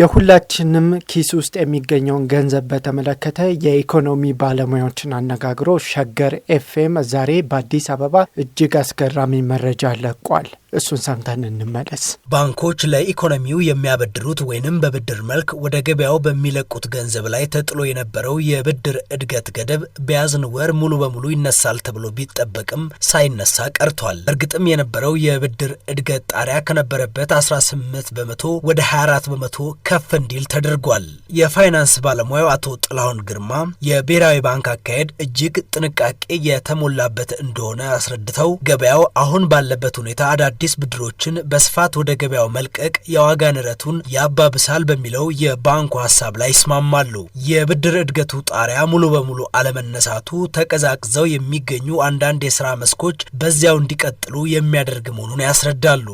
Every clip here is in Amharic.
የሁላችንም ኪስ ውስጥ የሚገኘውን ገንዘብ በተመለከተ የኢኮኖሚ ባለሙያዎችን አነጋግሮ ሸገር ኤፍኤም ዛሬ በአዲስ አበባ እጅግ አስገራሚ መረጃ ለቋል። እሱን ሰምተን እንመለስ። ባንኮች ለኢኮኖሚው የሚያበድሩት ወይንም በብድር መልክ ወደ ገበያው በሚለቁት ገንዘብ ላይ ተጥሎ የነበረው የብድር እድገት ገደብ በያዝን ወር ሙሉ በሙሉ ይነሳል ተብሎ ቢጠበቅም ሳይነሳ ቀርቷል። እርግጥም የነበረው የብድር እድገት ጣሪያ ከነበረበት 18 በመቶ ወደ 24 በመቶ ከፍ እንዲል ተደርጓል። የፋይናንስ ባለሙያው አቶ ጥላሁን ግርማ የብሔራዊ ባንክ አካሄድ እጅግ ጥንቃቄ የተሞላበት እንደሆነ አስረድተው ገበያው አሁን ባለበት ሁኔታ አዳ አዳዲስ ብድሮችን በስፋት ወደ ገበያው መልቀቅ የዋጋ ንረቱን ያባብሳል በሚለው የባንኩ ሀሳብ ላይ ይስማማሉ። የብድር እድገቱ ጣሪያ ሙሉ በሙሉ አለመነሳቱ ተቀዛቅዘው የሚገኙ አንዳንድ የስራ መስኮች በዚያው እንዲቀጥሉ የሚያደርግ መሆኑን ያስረዳሉ።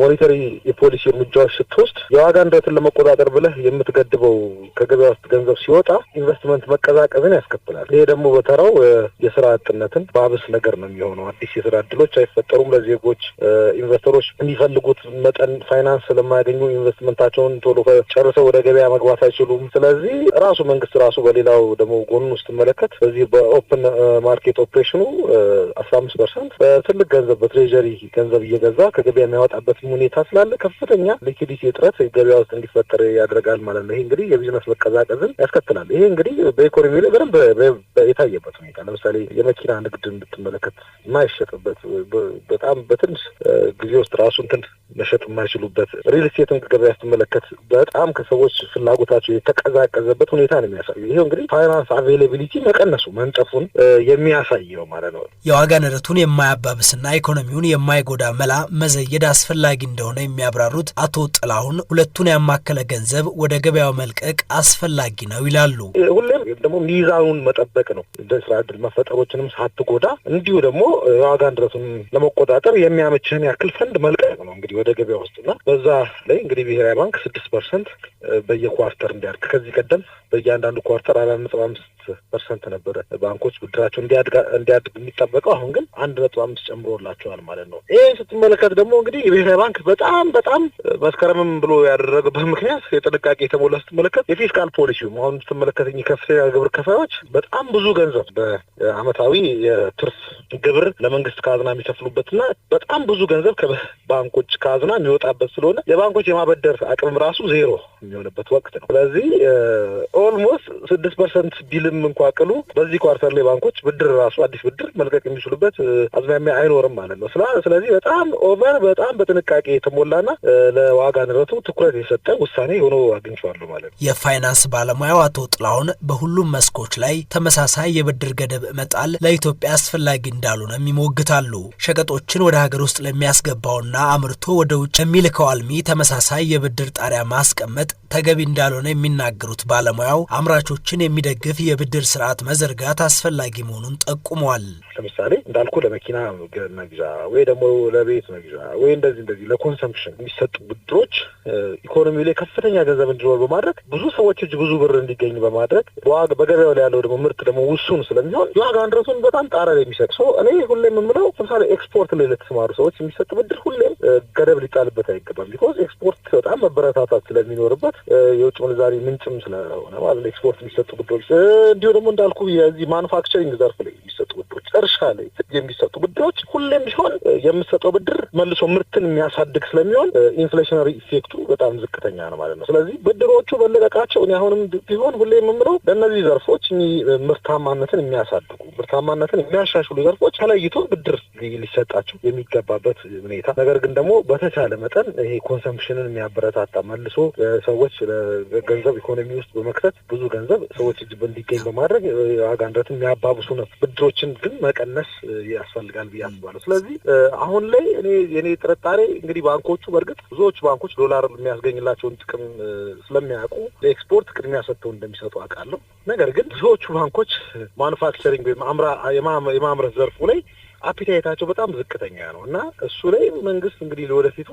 ሞኒተሪ የፖሊሲ እርምጃዎች ስትወስድ የዋጋ ንረትን ለመቆጣጠር ብለህ የምትገድበው ከገበያ ውስጥ ገንዘብ ሲወጣ ኢንቨስትመንት መቀዛቀዝን ያስከትላል። ይሄ ደግሞ በተራው የስራ አጥነትን ባብስ ነገር ነው የሚሆነው። አዲስ የስራ እድሎች አይፈጠሩም ለዜጎች ኢንቨስተሮች እንዲፈልጉት መጠን ፋይናንስ ስለማያገኙ ኢንቨስትመንታቸውን ቶሎ ጨርሰው ወደ ገበያ መግባት አይችሉም። ስለዚህ ራሱ መንግስት ራሱ በሌላው ደግሞ ጎኑን ስትመለከት በዚህ በኦፕን ማርኬት ኦፕሬሽኑ አስራ አምስት ፐርሰንት በትልቅ ገንዘብ በትሬጀሪ ገንዘብ እየገዛ ከገበያ የሚያወጣበትም ሁኔታ ስላለ ከፍተኛ ሊኪዲቲ እጥረት ገበያ ውስጥ እንዲፈጠር ያደርጋል ማለት ነው። ይሄ እንግዲህ የቢዝነስ መቀዛቀዝን ያስከትላል። ይሄ እንግዲህ በኢኮኖሚ ላይ በደንብ የታየበት ሁኔታ ለምሳሌ የመኪና ንግድ ብትመለከት የማይሸጥበት በጣም በትንሽ ጊዜ ውስጥ ራሱ እንትን መሸጥ የማይችሉበት ሪል ስቴትን ገበያ ስትመለከት በጣም ከሰዎች ፍላጎታቸው የተቀዛቀዘበት ሁኔታ ነው የሚያሳዩ። ይሄው እንግዲህ ፋይናንስ አቬይላቢሊቲ መቀነሱ መንጠፉን የሚያሳየው ማለት ነው። የዋጋ ንረቱን የማያባብስና ኢኮኖሚውን የማይጎዳ መላ መዘየድ አስፈላጊ እንደሆነ የሚያብራሩት አቶ ጥላሁን ሁለቱን ያማከለ ገንዘብ ወደ ገበያው መልቀቅ አስፈላጊ ነው ይላሉ። ሁሌም ደግሞ ሚዛኑን መጠበቅ ነው። እንደ ስራ እድል መፈጠሮችንም ሳትጎዳ እንዲሁ ደግሞ የዋጋ ንረቱን ለመቆጣጠር የሚያመችህን ያ በመከላከል ፈንድ መልቀቅ ነው እንግዲህ ወደ ገበያ ውስጥ እና በዛ ላይ እንግዲህ ብሔራዊ ባንክ ስድስት ፐርሰንት በየኳርተር እንዲያድግ ከዚህ ቀደም በእያንዳንዱ ኳርተር አራት ነጥብ አምስት ፐርሰንት ነበረ ባንኮች ብድራቸው እንዲያድግ የሚጠበቀው አሁን ግን አንድ ነጥብ አምስት ጨምሮላቸዋል ማለት ነው። ይህ ስትመለከት ደግሞ እንግዲህ የብሔራዊ ባንክ በጣም በጣም መስከረምም ብሎ ያደረገበት ምክንያት የጥንቃቄ የተሞላ ስትመለከት የፊስካል ፖሊሲውም አሁን ስትመለከተኝ ከፍተኛ ግብር ከፋዮች በጣም ብዙ ገንዘብ በአመታዊ የትርፍ ግብር ለመንግስት ካዝና የሚከፍሉበትና በጣም ብዙ ገንዘብ ገንዘብ ከባንኮች ካዝና የሚወጣበት ስለሆነ የባንኮች የማበደር አቅምም ራሱ ዜሮ የሚሆንበት ወቅት ነው። ስለዚህ ኦልሞስት ስድስት ፐርሰንት ቢልም እንኳ ቅሉ በዚህ ኳርተር ላይ ባንኮች ብድር ራሱ አዲስ ብድር መልቀቅ የሚችሉበት አዝማሚያ አይኖርም ማለት ነው። ስለዚህ በጣም ኦቨር በጣም በጥንቃቄ የተሞላና ለዋጋ ንረቱ ትኩረት የሰጠ ውሳኔ ሆኖ አግኝቼዋለሁ ማለት ነው። የፋይናንስ ባለሙያው አቶ ጥላሁን በሁሉም መስኮች ላይ ተመሳሳይ የብድር ገደብ መጣል ለኢትዮጵያ አስፈላጊ እንዳልሆነም ይሞግታሉ። ሸቀጦችን ወደ ሀገር ውስጥ ለሚያስ የሚያስገባውና አምርቶ ወደ ውጭ የሚልከው አልሚ ተመሳሳይ የብድር ጣሪያ ማስቀመጥ ተገቢ እንዳልሆነ የሚናገሩት ባለሙያው አምራቾችን የሚደግፍ የብድር ስርዓት መዘርጋት አስፈላጊ መሆኑን ጠቁመዋል። ለምሳሌ እንዳልኩ ለመኪና መግዣ ወይ ደግሞ ለቤት መግዣ ወይ እንደዚህ እንደዚህ ለኮንሰምፕሽን የሚሰጡ ብድሮች ኢኮኖሚው ላይ ከፍተኛ ገንዘብ እንዲኖር በማድረግ ብዙ ሰዎች እጅ ብዙ ብር እንዲገኝ በማድረግ በዋጋ በገበያው ላይ ያለው ደግሞ ምርት ደግሞ ውሱን ስለሚሆን የዋጋ ንድረቱን በጣም ጣራ ላይ የሚሰጥ ሰው እኔ ሁሌ የምምለው ለምሳሌ ኤክስፖርት ላይ ለተሰማሩ ሰዎች የሚሰጥ የኤክስፖርት ብድር ሁሌም ገደብ ሊጣልበት አይገባም። ቢኮዝ ኤክስፖርት በጣም መበረታታት ስለሚኖርበት የውጭ ምንዛሪ ምንጭም ስለሆነ ማለት ኤክስፖርት የሚሰጡ ብድሮች እንዲሁ ደግሞ እንዳልኩ የዚህ ማኑፋክቸሪንግ ዘርፍ ላይ የሚሰጡ ብድሮች፣ እርሻ ላይ የሚሰጡ ብድሮች ሁሌም ቢሆን የምሰጠው ብድር መልሶ ምርትን የሚያሳድግ ስለሚሆን ኢንፍሌሽነሪ ኢፌክቱ በጣም ዝቅተኛ ነው ማለት ነው። ስለዚህ ብድሮቹ በለቀቃቸው እኔ አሁንም ቢሆን ሁሌ የምምለው ለእነዚህ ዘርፎች ምርታማነትን የሚያሳድጉ ምርታማነትን የሚያሻሽሉ ዘርፎች ተለይቶ ብድር ሊሰጣቸው የሚገባበት ሁኔታ ነገር ግን ደግሞ በተቻለ መጠን ይሄ ኮንሰምፕሽንን የሚያበረታታ መልሶ ሰዎች ገንዘብ ኢኮኖሚ ውስጥ በመክተት ብዙ ገንዘብ ሰዎች እጅ እንዲገኝ በማድረግ ዋጋ ንረትን የሚያባብሱ ነው። ብድሮችን ግን መቀነስ ያስፈልጋል ብዬ አስባለሁ። ስለዚህ አሁን ላይ እኔ የኔ ጥርጣሬ እንግዲህ ባንኮቹ በእርግጥ ብዙዎቹ ባንኮች ዶላር የሚያስገኝላቸውን ጥቅም ስለሚያውቁ ለኤክስፖርት ቅድሚያ ሰጥተው እንደሚሰጡ አውቃለሁ። ነገር ግን ብዙዎቹ ባንኮች ማኑፋክቸሪንግ ወይም የማምረት ዘርፉ ላይ አፒታይታቸው በጣም ዝቅተኛ ነው እና እሱ ላይ መንግስት እንግዲህ ለወደፊቱ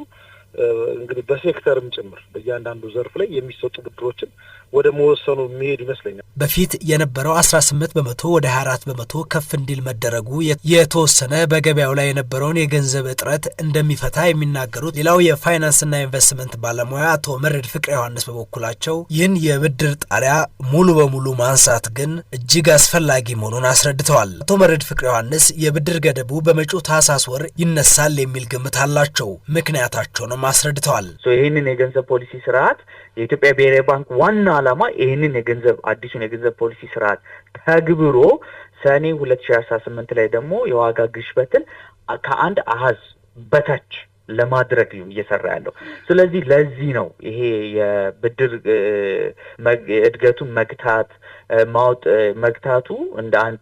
እንግዲህ በሴክተርም ጭምር በእያንዳንዱ ዘርፍ ላይ የሚሰጡ ብድሮችን ወደ መወሰኑ የሚሄድ ይመስለኛል። በፊት የነበረው 18 በመቶ ወደ 24 በመቶ ከፍ እንዲል መደረጉ የተወሰነ በገበያው ላይ የነበረውን የገንዘብ እጥረት እንደሚፈታ የሚናገሩት ሌላው የፋይናንስና ኢንቨስትመንት ባለሙያ አቶ መረድ ፍቅረ ዮሐንስ በበኩላቸው ይህን የብድር ጣሪያ ሙሉ በሙሉ ማንሳት ግን እጅግ አስፈላጊ መሆኑን አስረድተዋል። አቶ መረድ ፍቅረ ዮሐንስ የብድር ገደቡ በመጪው ታህሳስ ወር ይነሳል የሚል ግምት አላቸው። ምክንያታቸውንም አስረድተዋል። ይህንን የገንዘብ ፖሊሲ ስርዓት የኢትዮጵያ ብሔራዊ ባንክ ዋና ዓላማ ይህንን የገንዘብ አዲሱን የገንዘብ ፖሊሲ ስርዓት ተግብሮ ሰኔ ሁለት ሺ አስራ ስምንት ላይ ደግሞ የዋጋ ግሽበትን ከአንድ አሀዝ በታች ለማድረግ ነው እየሰራ ያለው። ስለዚህ ለዚህ ነው ይሄ የብድር እድገቱን መግታት ማወጥ መግታቱ እንደ አንድ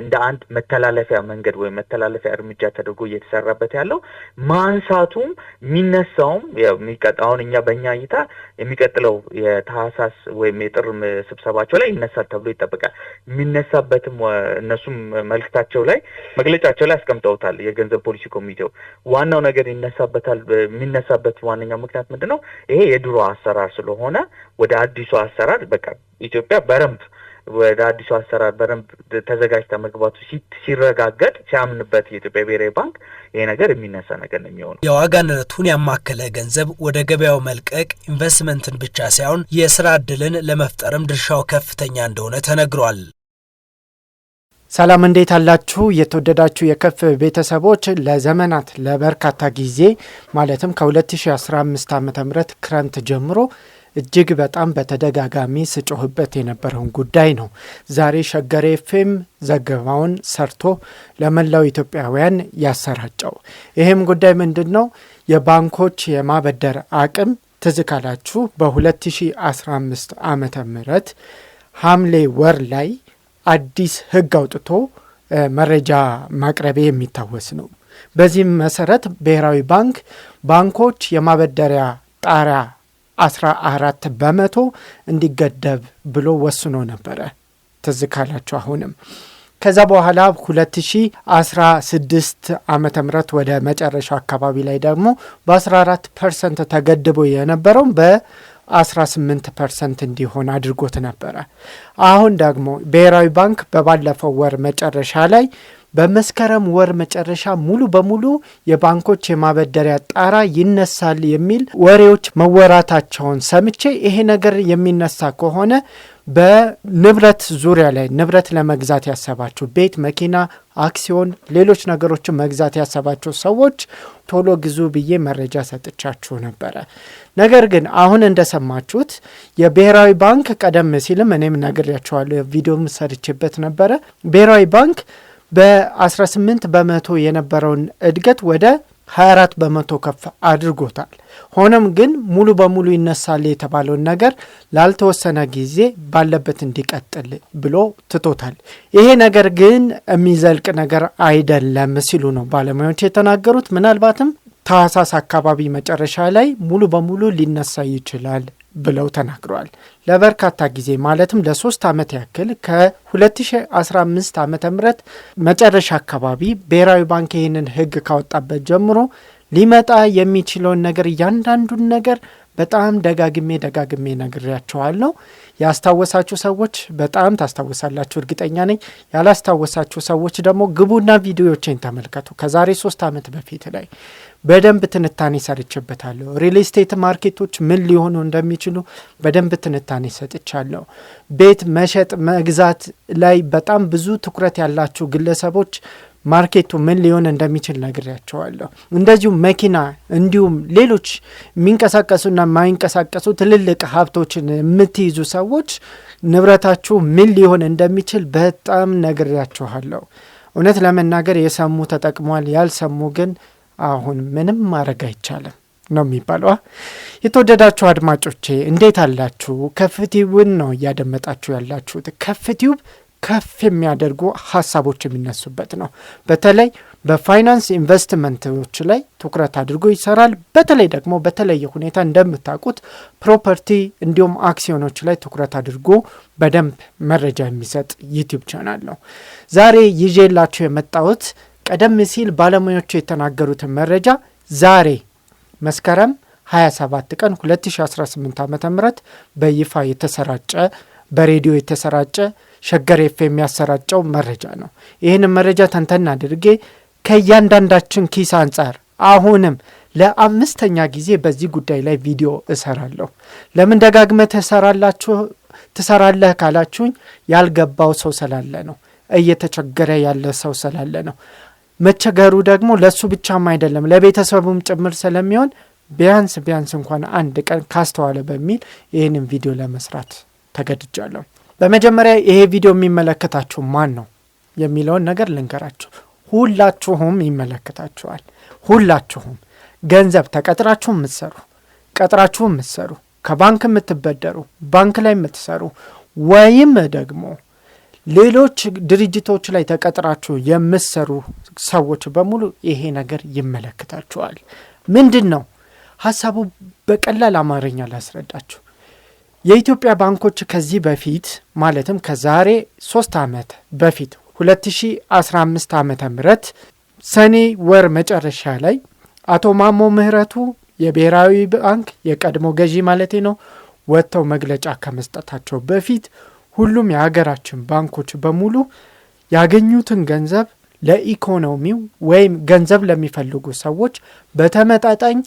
እንደ አንድ መተላለፊያ መንገድ ወይም መተላለፊያ እርምጃ ተደርጎ እየተሰራበት ያለው ማንሳቱም የሚነሳውም አሁን እኛ በእኛ እይታ የሚቀጥለው የታህሳስ ወይም የጥር ስብሰባቸው ላይ ይነሳል ተብሎ ይጠበቃል። የሚነሳበትም እነሱም መልክታቸው ላይ መግለጫቸው ላይ አስቀምጠውታል። የገንዘብ ፖሊሲ ኮሚቴው ዋናው ነገር ይነ ይነሳበታል የሚነሳበት ዋነኛው ምክንያት ምንድን ነው? ይሄ የድሮ አሰራር ስለሆነ ወደ አዲሱ አሰራር በቃ ኢትዮጵያ በረምብ ወደ አዲሱ አሰራር በደንብ ተዘጋጅታ መግባቱ ሲረጋገጥ ሲያምንበት የኢትዮጵያ ብሔራዊ ባንክ ይሄ ነገር የሚነሳ ነገር ነው የሚሆነው። የዋጋ ንረቱን ያማከለ ገንዘብ ወደ ገበያው መልቀቅ ኢንቨስትመንትን ብቻ ሳይሆን የስራ እድልን ለመፍጠርም ድርሻው ከፍተኛ እንደሆነ ተነግሯል። ሰላም እንዴት አላችሁ? የተወደዳችሁ የከፍ ቤተሰቦች ለዘመናት ለበርካታ ጊዜ ማለትም ከ2015 ዓ ም ክረምት ጀምሮ እጅግ በጣም በተደጋጋሚ ስጮህበት የነበረውን ጉዳይ ነው። ዛሬ ሸገር ኤፍኤም ዘገባውን ሰርቶ ለመላው ኢትዮጵያውያን ያሰራጨው ይህም ጉዳይ ምንድን ነው? የባንኮች የማበደር አቅም ትዝ ካላችሁ በ2015 ዓ ም ሐምሌ ወር ላይ አዲስ ህግ አውጥቶ መረጃ ማቅረቤ የሚታወስ ነው። በዚህም መሰረት ብሔራዊ ባንክ ባንኮች የማበደሪያ ጣሪያ 14 በመቶ እንዲገደብ ብሎ ወስኖ ነበረ። ትዝ ካላችሁ አሁንም ከዛ በኋላ 2016 ዓ ም ወደ መጨረሻው አካባቢ ላይ ደግሞ በ14 ፐርሰንት ተገድቦ የነበረው በ 18 ፐርሰንት እንዲሆን አድርጎት ነበረ። አሁን ደግሞ ብሔራዊ ባንክ በባለፈው ወር መጨረሻ ላይ በመስከረም ወር መጨረሻ ሙሉ በሙሉ የባንኮች የማበደሪያ ጣራ ይነሳል የሚል ወሬዎች መወራታቸውን ሰምቼ ይሄ ነገር የሚነሳ ከሆነ በንብረት ዙሪያ ላይ ንብረት ለመግዛት ያሰባችሁ ቤት፣ መኪና፣ አክሲዮን፣ ሌሎች ነገሮችን መግዛት ያሰባችሁ ሰዎች ቶሎ ግዙ ብዬ መረጃ ሰጥቻችሁ ነበረ። ነገር ግን አሁን እንደሰማችሁት የብሔራዊ ባንክ ቀደም ሲልም እኔም ነግሬያችኋለሁ፣ ቪዲዮም ሰርቼበት ነበረ። ብሔራዊ ባንክ በ18 በመቶ የነበረውን እድገት ወደ 24 በመቶ ከፍ አድርጎታል። ሆኖም ግን ሙሉ በሙሉ ይነሳል የተባለውን ነገር ላልተወሰነ ጊዜ ባለበት እንዲቀጥል ብሎ ትቶታል። ይሄ ነገር ግን የሚዘልቅ ነገር አይደለም ሲሉ ነው ባለሙያዎች የተናገሩት። ምናልባትም ታህሳስ አካባቢ መጨረሻ ላይ ሙሉ በሙሉ ሊነሳ ይችላል ብለው ተናግረዋል። ለበርካታ ጊዜ ማለትም ለሶስት ዓመት ያክል ከ2015 ዓ ም መጨረሻ አካባቢ ብሔራዊ ባንክ ይህንን ህግ ካወጣበት ጀምሮ ሊመጣ የሚችለውን ነገር እያንዳንዱን ነገር በጣም ደጋግሜ ደጋግሜ ነግሬያቸዋለሁ ያስታወሳችሁ ሰዎች በጣም ታስታወሳላችሁ እርግጠኛ ነኝ። ያላስታወሳችሁ ሰዎች ደግሞ ግቡና ቪዲዮዎችን ተመልከቱ። ከዛሬ ሶስት ዓመት በፊት ላይ በደንብ ትንታኔ ሰርችበታለሁ። ሪል ስቴት ማርኬቶች ምን ሊሆኑ እንደሚችሉ በደንብ ትንታኔ ሰጥቻለሁ። ቤት መሸጥ መግዛት ላይ በጣም ብዙ ትኩረት ያላችሁ ግለሰቦች ማርኬቱ ምን ሊሆን እንደሚችል ነግሬያቸዋለሁ። እንደዚሁ መኪና፣ እንዲሁም ሌሎች የሚንቀሳቀሱና የማይንቀሳቀሱ ትልልቅ ሀብቶችን የምትይዙ ሰዎች ንብረታችሁ ምን ሊሆን እንደሚችል በጣም ነግሬያችኋለሁ። እውነት ለመናገር የሰሙ ተጠቅሟል፣ ያልሰሙ ግን አሁን ምንም ማድረግ አይቻልም ነው የሚባለዋ? የተወደዳችሁ አድማጮቼ እንዴት አላችሁ? ከፍቲውን ነው እያደመጣችሁ ያላችሁት ከፍቲው ከፍ የሚያደርጉ ሀሳቦች የሚነሱበት ነው። በተለይ በፋይናንስ ኢንቨስትመንቶች ላይ ትኩረት አድርጎ ይሰራል። በተለይ ደግሞ በተለየ ሁኔታ እንደምታውቁት ፕሮፐርቲ እንዲሁም አክሲዮኖች ላይ ትኩረት አድርጎ በደንብ መረጃ የሚሰጥ ዩቲዩብ ቻናል ነው። ዛሬ ይዤላቸው የመጣሁት ቀደም ሲል ባለሙያዎቹ የተናገሩትን መረጃ ዛሬ መስከረም 27 ቀን 2018 ዓ ም በይፋ የተሰራጨ በሬዲዮ የተሰራጨ ሸገር ኤፍ የሚያሰራጨው መረጃ ነው። ይህንም መረጃ ተንተን አድርጌ ከእያንዳንዳችን ኪስ አንጻር አሁንም ለአምስተኛ ጊዜ በዚህ ጉዳይ ላይ ቪዲዮ እሰራለሁ። ለምን ደጋግመ ትሰራላችሁ ትሰራለህ ካላችሁኝ ያልገባው ሰው ስላለ ነው። እየተቸገረ ያለ ሰው ስላለ ነው። መቸገሩ ደግሞ ለእሱ ብቻም አይደለም ለቤተሰቡም ጭምር ስለሚሆን ቢያንስ ቢያንስ እንኳን አንድ ቀን ካስተዋለ በሚል ይህንን ቪዲዮ ለመስራት ተገድጃለሁ። በመጀመሪያ ይሄ ቪዲዮ የሚመለከታችሁ ማን ነው የሚለውን ነገር ልንገራችሁ። ሁላችሁም ይመለከታችኋል። ሁላችሁም ገንዘብ ተቀጥራችሁ የምትሰሩ፣ ቀጥራችሁ የምትሰሩ፣ ከባንክ የምትበደሩ፣ ባንክ ላይ የምትሰሩ ወይም ደግሞ ሌሎች ድርጅቶች ላይ ተቀጥራችሁ የምትሰሩ ሰዎች በሙሉ ይሄ ነገር ይመለከታችኋል። ምንድን ነው ሀሳቡ? በቀላል አማርኛ ላስረዳችሁ። የኢትዮጵያ ባንኮች ከዚህ በፊት ማለትም ከዛሬ ሶስት ዓመት በፊት 2015 ዓ ም ሰኔ ወር መጨረሻ ላይ አቶ ማሞ ምህረቱ የብሔራዊ ባንክ የቀድሞ ገዢ ማለቴ ነው ወጥተው መግለጫ ከመስጠታቸው በፊት ሁሉም የሀገራችን ባንኮች በሙሉ ያገኙትን ገንዘብ ለኢኮኖሚው ወይም ገንዘብ ለሚፈልጉ ሰዎች በተመጣጣኝ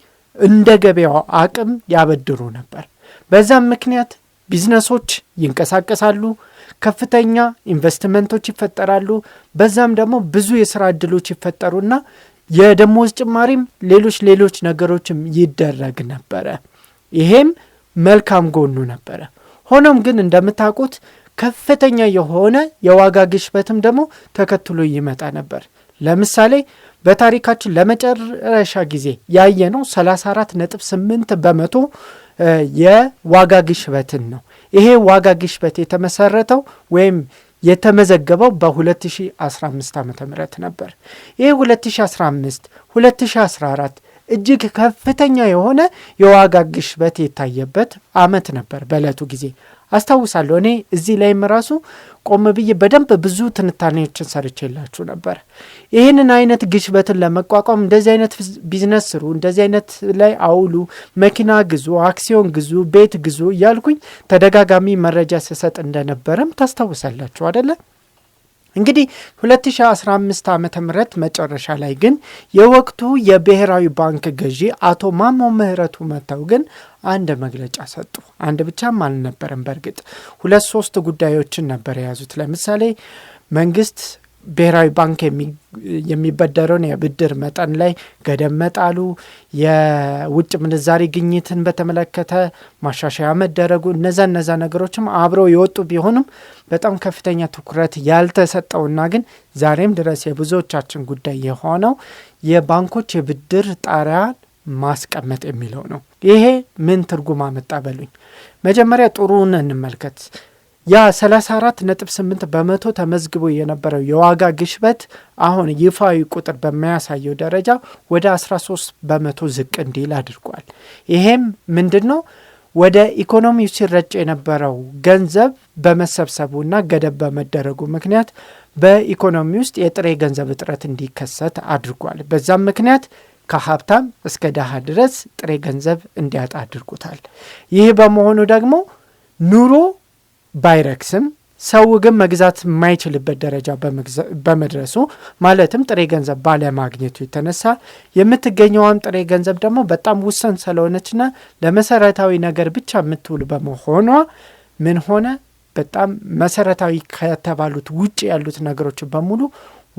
እንደ ገበያው አቅም ያበድሩ ነበር። በዛም ምክንያት ቢዝነሶች ይንቀሳቀሳሉ፣ ከፍተኛ ኢንቨስትመንቶች ይፈጠራሉ። በዛም ደግሞ ብዙ የስራ እድሎች ይፈጠሩና የደሞዝ ጭማሪም ሌሎች ሌሎች ነገሮችም ይደረግ ነበረ። ይሄም መልካም ጎኑ ነበረ። ሆኖም ግን እንደምታውቁት ከፍተኛ የሆነ የዋጋ ግሽበትም ደግሞ ተከትሎ ይመጣ ነበር። ለምሳሌ በታሪካችን ለመጨረሻ ጊዜ ያየነው 34.8 በመቶ የዋጋ ግሽበትን ነው። ይሄ ዋጋ ግሽበት የተመሰረተው ወይም የተመዘገበው በ2015 ዓ ም ነበር። ይሄ 2015 2014 እጅግ ከፍተኛ የሆነ የዋጋ ግሽበት የታየበት አመት ነበር በዕለቱ ጊዜ አስታውሳለሁ። እኔ እዚህ ላይም ራሱ ቆም ብዬ በደንብ ብዙ ትንታኔዎችን ሰርቼላችሁ ነበር። ይህንን አይነት ግሽበትን ለመቋቋም እንደዚህ አይነት ቢዝነስ ስሩ፣ እንደዚህ አይነት ላይ አውሉ፣ መኪና ግዙ፣ አክሲዮን ግዙ፣ ቤት ግዙ እያልኩኝ ተደጋጋሚ መረጃ ስሰጥ እንደነበረም ታስታውሳላችሁ አደለ? እንግዲህ 2015 ዓ ምህረት መጨረሻ ላይ ግን የወቅቱ የብሔራዊ ባንክ ገዢ አቶ ማሞ ምህረቱ መጥተው ግን አንድ መግለጫ ሰጡ። አንድ ብቻም አልነበረም። በእርግጥ ሁለት ሶስት ጉዳዮችን ነበር የያዙት። ለምሳሌ መንግስት ብሔራዊ ባንክ የሚበደረውን የብድር መጠን ላይ ገደብ መጣሉ፣ የውጭ ምንዛሪ ግኝትን በተመለከተ ማሻሻያ መደረጉ፣ እነዛ እነዛ ነገሮችም አብረው የወጡ ቢሆንም በጣም ከፍተኛ ትኩረት ያልተሰጠውና ግን ዛሬም ድረስ የብዙዎቻችን ጉዳይ የሆነው የባንኮች የብድር ጣሪያን ማስቀመጥ የሚለው ነው። ይሄ ምን ትርጉም አመጣ በሉኝ። መጀመሪያ ጥሩን እንመልከት። ያ 8 በመቶ ተመዝግቦ የነበረው የዋጋ ግሽበት አሁን ይፋዊ ቁጥር በሚያሳየው ደረጃ ወደ 13 በመቶ ዝቅ እንዲል አድርጓል። ይሄም ምንድን ነው? ወደ ኢኮኖሚው ሲረጭ የነበረው ገንዘብ በመሰብሰቡና ገደብ በመደረጉ ምክንያት በኢኮኖሚ ውስጥ የጥሬ ገንዘብ እጥረት እንዲከሰት አድርጓል። በዛም ምክንያት ከሀብታም እስከ ድሃ ድረስ ጥሬ ገንዘብ እንዲያጣ አድርጉታል። ይህ በመሆኑ ደግሞ ኑሮ ባይረክስም ሰው ግን መግዛት የማይችልበት ደረጃ በመድረሱ ማለትም ጥሬ ገንዘብ ባለማግኘቱ የተነሳ የምትገኘዋም ጥሬ ገንዘብ ደግሞ በጣም ውሰን ስለሆነችና ለመሰረታዊ ነገር ብቻ የምትውል በመሆኗ ምን ሆነ? በጣም መሰረታዊ ከተባሉት ውጭ ያሉት ነገሮች በሙሉ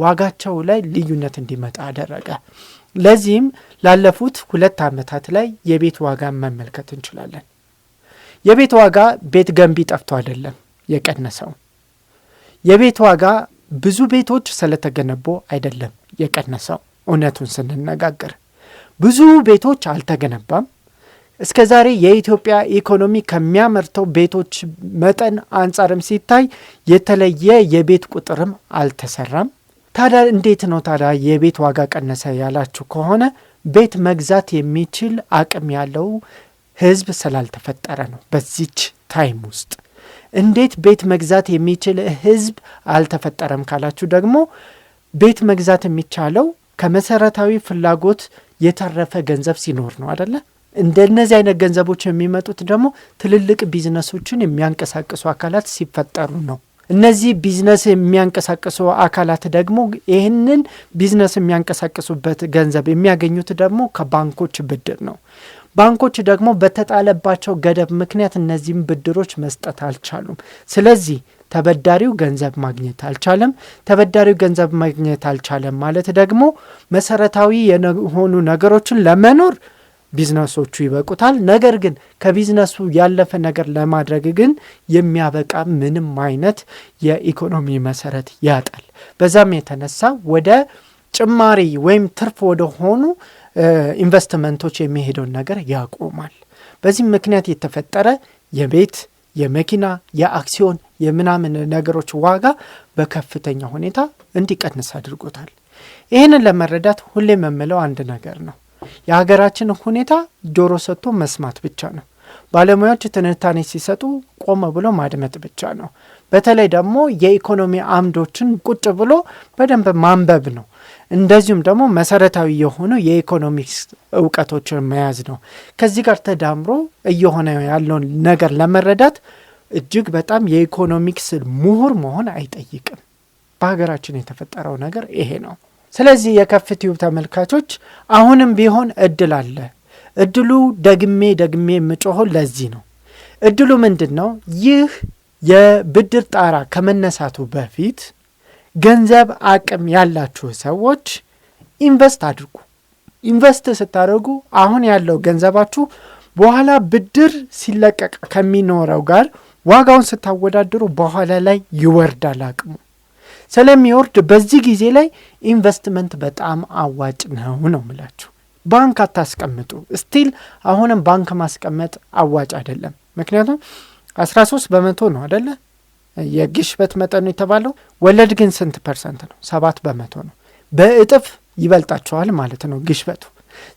ዋጋቸው ላይ ልዩነት እንዲመጣ አደረገ። ለዚህም ላለፉት ሁለት ዓመታት ላይ የቤት ዋጋ መመልከት እንችላለን። የቤት ዋጋ ቤት ገንቢ ጠፍቶ አይደለም የቀነሰው። የቤት ዋጋ ብዙ ቤቶች ስለተገነቦ አይደለም የቀነሰው። እውነቱን ስንነጋገር ብዙ ቤቶች አልተገነባም። እስከ ዛሬ የኢትዮጵያ ኢኮኖሚ ከሚያመርተው ቤቶች መጠን አንጻርም ሲታይ የተለየ የቤት ቁጥርም አልተሰራም። ታዲያ እንዴት ነው ታዲያ የቤት ዋጋ ቀነሰ ያላችሁ ከሆነ ቤት መግዛት የሚችል አቅም ያለው ህዝብ ስላልተፈጠረ ነው። በዚች ታይም ውስጥ እንዴት ቤት መግዛት የሚችል ህዝብ አልተፈጠረም ካላችሁ ደግሞ ቤት መግዛት የሚቻለው ከመሰረታዊ ፍላጎት የተረፈ ገንዘብ ሲኖር ነው አደለ? እነዚህ አይነት ገንዘቦች የሚመጡት ደግሞ ትልልቅ ቢዝነሶችን የሚያንቀሳቅሱ አካላት ሲፈጠሩ ነው። እነዚህ ቢዝነስ የሚያንቀሳቅሱ አካላት ደግሞ ይህንን ቢዝነስ የሚያንቀሳቅሱበት ገንዘብ የሚያገኙት ደግሞ ከባንኮች ብድር ነው። ባንኮች ደግሞ በተጣለባቸው ገደብ ምክንያት እነዚህም ብድሮች መስጠት አልቻሉም። ስለዚህ ተበዳሪው ገንዘብ ማግኘት አልቻለም። ተበዳሪው ገንዘብ ማግኘት አልቻለም ማለት ደግሞ መሰረታዊ የሆኑ ነገሮችን ለመኖር ቢዝነሶቹ ይበቁታል። ነገር ግን ከቢዝነሱ ያለፈ ነገር ለማድረግ ግን የሚያበቃ ምንም አይነት የኢኮኖሚ መሰረት ያጣል። በዛም የተነሳ ወደ ጭማሪ ወይም ትርፍ ወደ ሆኑ ኢንቨስትመንቶች የሚሄደውን ነገር ያቆማል። በዚህም ምክንያት የተፈጠረ የቤት፣ የመኪና፣ የአክሲዮን የምናምን ነገሮች ዋጋ በከፍተኛ ሁኔታ እንዲቀንስ አድርጎታል። ይህንን ለመረዳት ሁሌ የምለው አንድ ነገር ነው። የሀገራችን ሁኔታ ጆሮ ሰጥቶ መስማት ብቻ ነው። ባለሙያዎች ትንታኔ ሲሰጡ ቆመ ብሎ ማድመጥ ብቻ ነው። በተለይ ደግሞ የኢኮኖሚ አምዶችን ቁጭ ብሎ በደንብ ማንበብ ነው። እንደዚሁም ደግሞ መሰረታዊ የሆኑ የኢኮኖሚክስ እውቀቶችን መያዝ ነው። ከዚህ ጋር ተዳምሮ እየሆነ ያለውን ነገር ለመረዳት እጅግ በጣም የኢኮኖሚክስ ምሁር መሆን አይጠይቅም። በሀገራችን የተፈጠረው ነገር ይሄ ነው። ስለዚህ የከፍ ተመልካቾች አሁንም ቢሆን እድል አለ። እድሉ ደግሜ ደግሜ የምጮሆ ለዚህ ነው። እድሉ ምንድን ነው? ይህ የብድር ጣራ ከመነሳቱ በፊት ገንዘብ አቅም ያላችሁ ሰዎች ኢንቨስት አድርጉ። ኢንቨስት ስታደርጉ አሁን ያለው ገንዘባችሁ በኋላ ብድር ሲለቀቅ ከሚኖረው ጋር ዋጋውን ስታወዳድሩ በኋላ ላይ ይወርዳል አቅሙ። ስለሚወርድ በዚህ ጊዜ ላይ ኢንቨስትመንት በጣም አዋጭ ነው ነው ምላችሁ። ባንክ አታስቀምጡ። ስቲል አሁንም ባንክ ማስቀመጥ አዋጭ አይደለም። ምክንያቱም 13 በመቶ ነው አደለ የግሽበት መጠኑ የተባለው ወለድ ግን ስንት ፐርሰንት ነው? ሰባት በመቶ ነው። በእጥፍ ይበልጣቸዋል ማለት ነው ግሽበቱ።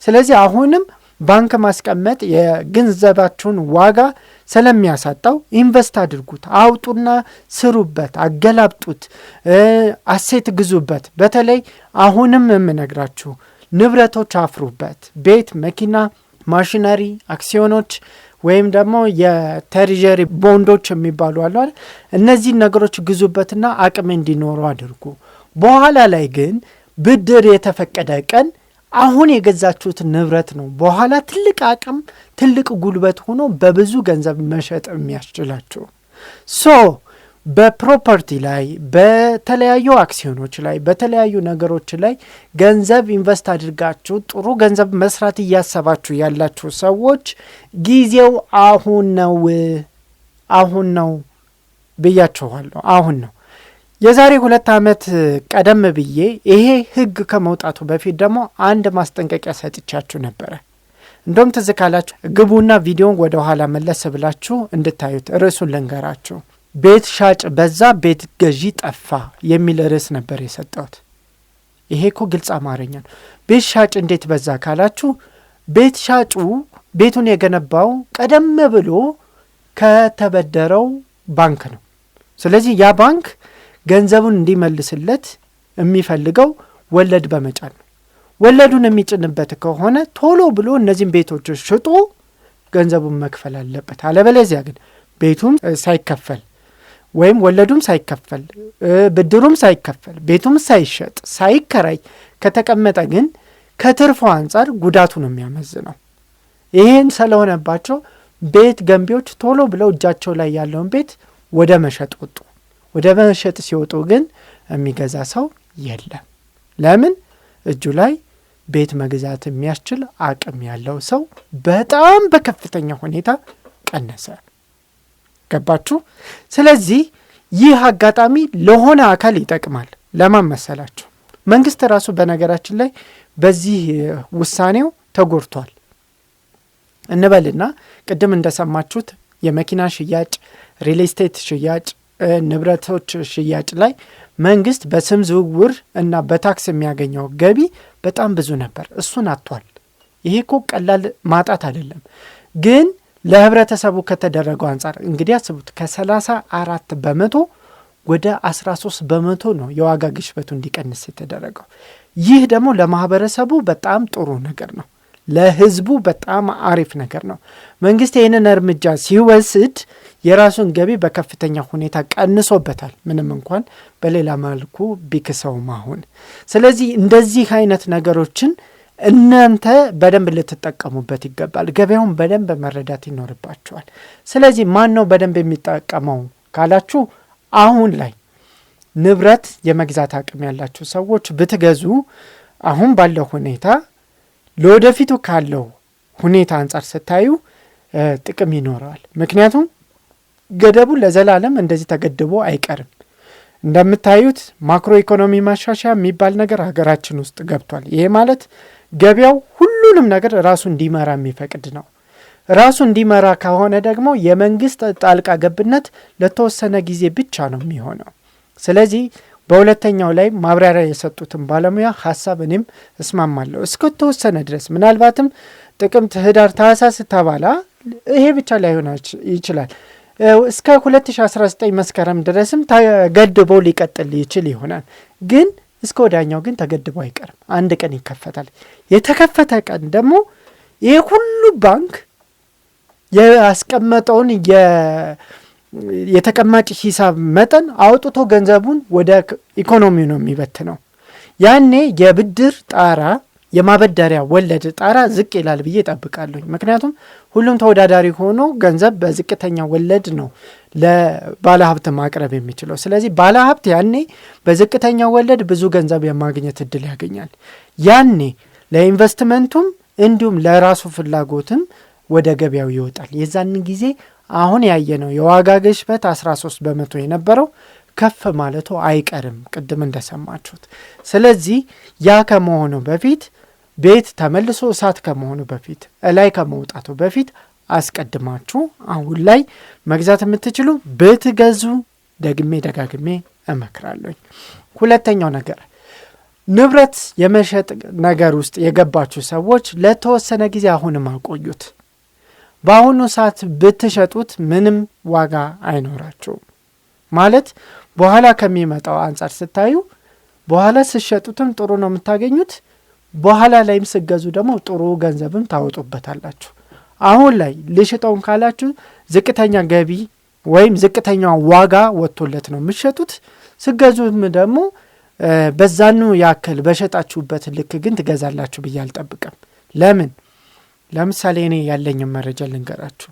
ስለዚህ አሁንም ባንክ ማስቀመጥ የገንዘባችሁን ዋጋ ስለሚያሳጣው ኢንቨስት አድርጉት፣ አውጡና ስሩበት፣ አገላብጡት፣ አሴት ግዙበት። በተለይ አሁንም የምነግራችሁ ንብረቶች አፍሩበት። ቤት፣ መኪና፣ ማሽነሪ፣ አክሲዮኖች ወይም ደግሞ የተሪጀሪ ቦንዶች የሚባሉ አሉ። እነዚህን ነገሮች ግዙበትና አቅም እንዲኖሩ አድርጉ። በኋላ ላይ ግን ብድር የተፈቀደ ቀን አሁን የገዛችሁት ንብረት ነው በኋላ ትልቅ አቅም ትልቅ ጉልበት ሆኖ በብዙ ገንዘብ መሸጥ የሚያስችላችሁ ሶ በፕሮፐርቲ ላይ በተለያዩ አክሲዮኖች ላይ በተለያዩ ነገሮች ላይ ገንዘብ ኢንቨስት አድርጋችሁ ጥሩ ገንዘብ መስራት እያሰባችሁ ያላችሁ ሰዎች ጊዜው አሁን ነው፣ አሁን ነው ብያችኋለሁ። አሁን ነው። የዛሬ ሁለት ዓመት ቀደም ብዬ ይሄ ህግ ከመውጣቱ በፊት ደግሞ አንድ ማስጠንቀቂያ ሰጥቻችሁ ነበረ። እንደውም ትዝ ካላችሁ ግቡና ቪዲዮን ወደ ኋላ መለስ ብላችሁ እንድታዩት ርዕሱን ልንገራችሁ። ቤት ሻጭ በዛ፣ ቤት ገዢ ጠፋ የሚል ርዕስ ነበር የሰጠሁት። ይሄ እኮ ግልጽ አማርኛ ነው። ቤት ሻጭ እንዴት በዛ ካላችሁ ቤት ሻጩ ቤቱን የገነባው ቀደም ብሎ ከተበደረው ባንክ ነው። ስለዚህ ያ ባንክ ገንዘቡን እንዲመልስለት የሚፈልገው ወለድ በመጫን ነው። ወለዱን የሚጭንበት ከሆነ ቶሎ ብሎ እነዚህም ቤቶች ሽጦ ገንዘቡን መክፈል አለበት። አለበለዚያ ግን ቤቱም ሳይከፈል ወይም ወለዱም ሳይከፈል ብድሩም ሳይከፈል ቤቱም ሳይሸጥ ሳይከራይ ከተቀመጠ ግን ከትርፎ አንጻር ጉዳቱ ነው የሚያመዝነው። ይህን ስለሆነባቸው ቤት ገንቢዎች ቶሎ ብለው እጃቸው ላይ ያለውን ቤት ወደ መሸጥ ወጡ። ወደ መሸጥ ሲወጡ ግን የሚገዛ ሰው የለም። ለምን? እጁ ላይ ቤት መግዛት የሚያስችል አቅም ያለው ሰው በጣም በከፍተኛ ሁኔታ ቀነሰ። ገባችሁ? ስለዚህ ይህ አጋጣሚ ለሆነ አካል ይጠቅማል። ለማን መሰላችሁ? መንግስት ራሱ በነገራችን ላይ በዚህ ውሳኔው ተጎድቷል እንበልና ቅድም እንደሰማችሁት የመኪና ሽያጭ፣ ሪል ስቴት ሽያጭ ንብረቶች ሽያጭ ላይ መንግስት በስም ዝውውር እና በታክስ የሚያገኘው ገቢ በጣም ብዙ ነበር። እሱን አጥቷል። ይሄ እኮ ቀላል ማጣት አይደለም፣ ግን ለህብረተሰቡ ከተደረገው አንጻር እንግዲህ አስቡት ከሰላሳ አራት በመቶ ወደ 13 በመቶ ነው የዋጋ ግሽበቱ እንዲቀንስ የተደረገው። ይህ ደግሞ ለማህበረሰቡ በጣም ጥሩ ነገር ነው። ለህዝቡ በጣም አሪፍ ነገር ነው። መንግስት ይህንን እርምጃ ሲወስድ የራሱን ገቢ በከፍተኛ ሁኔታ ቀንሶበታል፣ ምንም እንኳን በሌላ መልኩ ቢክሰውም አሁን። ስለዚህ እንደዚህ አይነት ነገሮችን እናንተ በደንብ ልትጠቀሙበት ይገባል። ገበያውን በደንብ መረዳት ይኖርባቸዋል። ስለዚህ ማን ነው በደንብ የሚጠቀመው ካላችሁ አሁን ላይ ንብረት የመግዛት አቅም ያላችሁ ሰዎች ብትገዙ አሁን ባለው ሁኔታ ለወደፊቱ ካለው ሁኔታ አንጻር ስታዩ ጥቅም ይኖረዋል። ምክንያቱም ገደቡ ለዘላለም እንደዚህ ተገድቦ አይቀርም። እንደምታዩት ማክሮ ኢኮኖሚ ማሻሻያ የሚባል ነገር ሀገራችን ውስጥ ገብቷል። ይሄ ማለት ገበያው ሁሉንም ነገር ራሱ እንዲመራ የሚፈቅድ ነው። ራሱ እንዲመራ ከሆነ ደግሞ የመንግስት ጣልቃ ገብነት ለተወሰነ ጊዜ ብቻ ነው የሚሆነው። ስለዚህ በሁለተኛው ላይ ማብራሪያ የሰጡትን ባለሙያ ሀሳብ እኔም እስማማለሁ እስከተወሰነ ድረስ ምናልባትም ጥቅምት፣ ህዳር፣ ታህሳስ ተባላ ይሄ ብቻ ላይሆን ይችላል። እስከ 2019 መስከረም ድረስም ተገድቦ ሊቀጥል ይችል ይሆናል። ግን እስከ ወዳኛው ግን ተገድቦ አይቀርም። አንድ ቀን ይከፈታል። የተከፈተ ቀን ደግሞ ይሄ ሁሉ ባንክ ያስቀመጠውን የተቀማጭ ሂሳብ መጠን አውጥቶ ገንዘቡን ወደ ኢኮኖሚው ነው የሚበትነው። ያኔ የብድር ጣራ የማበደሪያ ወለድ ጣራ ዝቅ ይላል ብዬ ጠብቃለሁኝ። ምክንያቱም ሁሉም ተወዳዳሪ ሆኖ ገንዘብ በዝቅተኛ ወለድ ነው ለባለሀብት ማቅረብ የሚችለው። ስለዚህ ባለሀብት ያኔ በዝቅተኛ ወለድ ብዙ ገንዘብ የማግኘት እድል ያገኛል። ያኔ ለኢንቨስትመንቱም እንዲሁም ለራሱ ፍላጎትም ወደ ገበያው ይወጣል። የዛን ጊዜ አሁን ያየነው የዋጋ ግሽበት 13 በመቶ የነበረው ከፍ ማለቱ አይቀርም ቅድም እንደሰማችሁት። ስለዚህ ያ ከመሆኑ በፊት ቤት ተመልሶ እሳት ከመሆኑ በፊት እላይ ከመውጣቱ በፊት አስቀድማችሁ አሁን ላይ መግዛት የምትችሉ ብትገዙ ደግሜ ደጋግሜ እመክራለኝ። ሁለተኛው ነገር ንብረት የመሸጥ ነገር ውስጥ የገባችሁ ሰዎች ለተወሰነ ጊዜ አሁንም አቆዩት። በአሁኑ ሰዓት ብትሸጡት ምንም ዋጋ አይኖራቸውም። ማለት በኋላ ከሚመጣው አንጻር ስታዩ በኋላ ስሸጡትም ጥሩ ነው የምታገኙት፣ በኋላ ላይም ስገዙ ደግሞ ጥሩ ገንዘብም ታወጡበታላችሁ። አሁን ላይ ልሽጠውን ካላችሁ ዝቅተኛ ገቢ ወይም ዝቅተኛ ዋጋ ወጥቶለት ነው የምትሸጡት። ስገዙም ደግሞ በዛኑ ያክል በሸጣችሁበት ልክ ግን ትገዛላችሁ ብዬ አልጠብቅም። ለምን ለምሳሌ እኔ ያለኝም መረጃ ልንገራችሁ።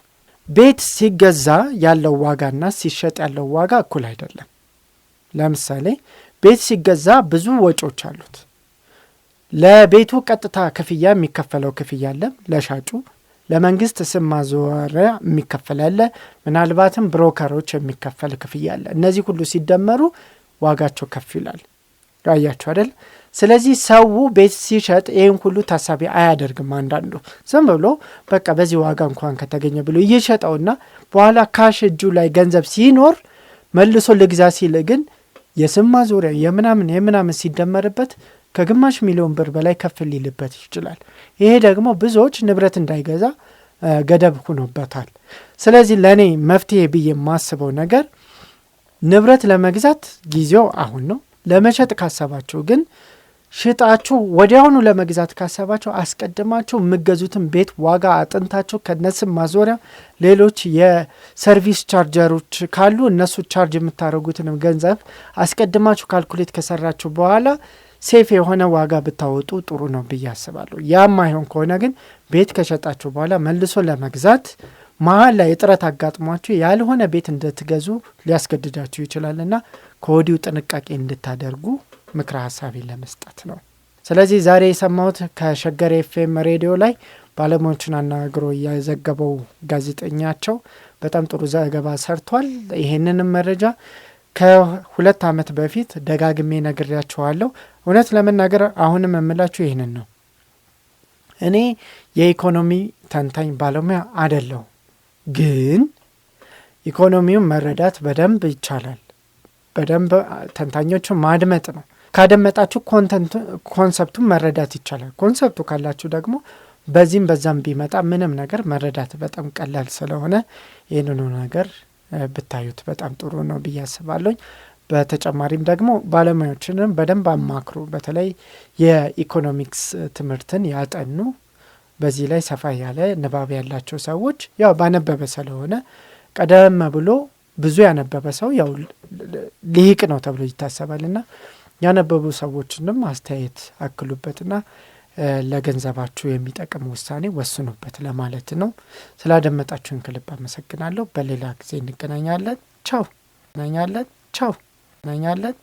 ቤት ሲገዛ ያለው ዋጋና ሲሸጥ ያለው ዋጋ እኩል አይደለም። ለምሳሌ ቤት ሲገዛ ብዙ ወጮች አሉት። ለቤቱ ቀጥታ ክፍያ የሚከፈለው ክፍያ አለ፣ ለሻጩ ለመንግስት ስም ማዘዋወሪያ የሚከፈል አለ፣ ምናልባትም ብሮከሮች የሚከፈል ክፍያ አለ። እነዚህ ሁሉ ሲደመሩ ዋጋቸው ከፍ ይላል። አያችሁ አይደል? ስለዚህ ሰው ቤት ሲሸጥ ይህን ሁሉ ታሳቢ አያደርግም። አንዳንዱ ዝም ብሎ በቃ በዚህ ዋጋ እንኳን ከተገኘ ብሎ እየሸጠውና በኋላ ካሽ እጁ ላይ ገንዘብ ሲኖር መልሶ ልግዛ ሲል ግን የስማ ዙሪያ የምናምን የምናምን ሲደመርበት ከግማሽ ሚሊዮን ብር በላይ ከፍ ሊልበት ይችላል። ይሄ ደግሞ ብዙዎች ንብረት እንዳይገዛ ገደብ ሆኖበታል። ስለዚህ ለእኔ መፍትሄ ብዬ የማስበው ነገር ንብረት ለመግዛት ጊዜው አሁን ነው። ለመሸጥ ካሰባችሁ ግን ሽጣችሁ ወዲያውኑ ለመግዛት ካሰባችሁ አስቀድማችሁ የምገዙትን ቤት ዋጋ አጥንታችሁ ከነስም ማዞሪያ ሌሎች የሰርቪስ ቻርጀሮች ካሉ እነሱ ቻርጅ የምታደርጉትንም ገንዘብ አስቀድማችሁ ካልኩሌት ከሰራችሁ በኋላ ሴፍ የሆነ ዋጋ ብታወጡ ጥሩ ነው ብዬ አስባለሁ። ያም አይሆን ከሆነ ግን ቤት ከሸጣችሁ በኋላ መልሶ ለመግዛት መሀል ላይ እጥረት አጋጥሟችሁ ያልሆነ ቤት እንድትገዙ ሊያስገድዳችሁ ይችላልና ከወዲሁ ጥንቃቄ እንድታደርጉ ምክረ ሀሳቤን ለመስጠት ነው። ስለዚህ ዛሬ የሰማሁት ከሸገር ኤፍኤም ሬዲዮ ላይ ባለሙያዎችን አናግሮ የዘገበው ጋዜጠኛቸው በጣም ጥሩ ዘገባ ሰርቷል። ይህንንም መረጃ ከሁለት ዓመት በፊት ደጋግሜ ነግሬያችኋለሁ። እውነት ለመናገር አሁንም የምላችሁ ይህንን ነው። እኔ የኢኮኖሚ ተንታኝ ባለሙያ አደለው፣ ግን ኢኮኖሚውን መረዳት በደንብ ይቻላል። በደንብ ተንታኞቹን ማድመጥ ነው። ካደመጣችሁ ኮንሰፕቱን መረዳት ይቻላል። ኮንሰፕቱ ካላችሁ ደግሞ በዚህም በዛም ቢመጣ ምንም ነገር መረዳት በጣም ቀላል ስለሆነ ይህንኑ ነገር ብታዩት በጣም ጥሩ ነው ብዬ አስባለሁኝ። በተጨማሪም ደግሞ ባለሙያዎችንም በደንብ አማክሩ። በተለይ የኢኮኖሚክስ ትምህርትን ያጠኑ በዚህ ላይ ሰፋ ያለ ንባብ ያላቸው ሰዎች ያው ባነበበ ስለሆነ ቀደም ብሎ ብዙ ያነበበ ሰው ያው ሊሂቅ ነው ተብሎ ይታሰባልና ያነበቡ ሰዎችንም አስተያየት አክሉበትና ለገንዘባችሁ የሚጠቅም ውሳኔ ወስኑበት ለማለት ነው። ስላደመጣችሁን ክልብ አመሰግናለሁ። በሌላ ጊዜ እንገናኛለን። ቻው። እንገናኛለን። ቻው። እንገናኛለን።